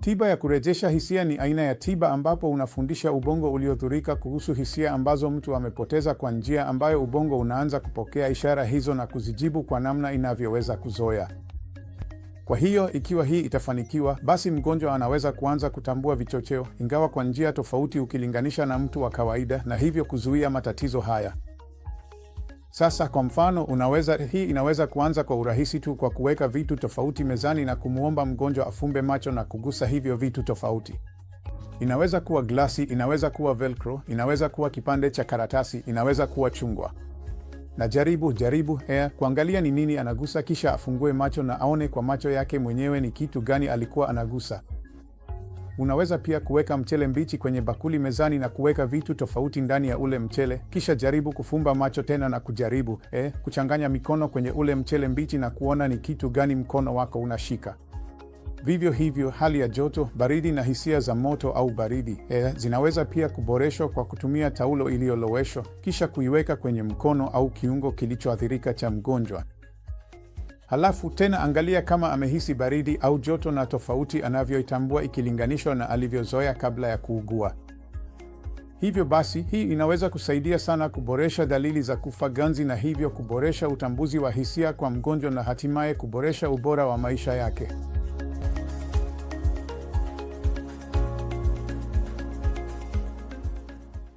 Tiba ya kurejesha hisia ni aina ya tiba ambapo unafundisha ubongo uliodhurika kuhusu hisia ambazo mtu amepoteza kwa njia ambayo ubongo unaanza kupokea ishara hizo na kuzijibu kwa namna inavyoweza kuzoea. Kwa hiyo ikiwa hii itafanikiwa, basi mgonjwa anaweza kuanza kutambua vichocheo, ingawa kwa njia tofauti ukilinganisha na mtu wa kawaida, na hivyo kuzuia matatizo haya. Sasa kwa mfano, unaweza hii inaweza kuanza kwa urahisi tu kwa kuweka vitu tofauti mezani na kumwomba mgonjwa afumbe macho na kugusa hivyo vitu tofauti. Inaweza kuwa glasi, inaweza kuwa velcro, inaweza kuwa kipande cha karatasi, inaweza kuwa chungwa. Na jaribu jaribu ea, eh, kuangalia ni nini anagusa, kisha afungue macho na aone kwa macho yake mwenyewe ni kitu gani alikuwa anagusa. Unaweza pia kuweka mchele mbichi kwenye bakuli mezani na kuweka vitu tofauti ndani ya ule mchele, kisha jaribu kufumba macho tena na kujaribu eh, kuchanganya mikono kwenye ule mchele mbichi na kuona ni kitu gani mkono wako unashika. Vivyo hivyo, hali ya joto, baridi na hisia za moto au baridi eh, zinaweza pia kuboreshwa kwa kutumia taulo iliyoloweshwa kisha kuiweka kwenye mkono au kiungo kilichoathirika cha mgonjwa. Halafu tena angalia kama amehisi baridi au joto na tofauti anavyoitambua ikilinganishwa na alivyozoea kabla ya kuugua. Hivyo basi, hii inaweza kusaidia sana kuboresha dalili za kufa ganzi na hivyo kuboresha utambuzi wa hisia kwa mgonjwa na hatimaye kuboresha ubora wa maisha yake.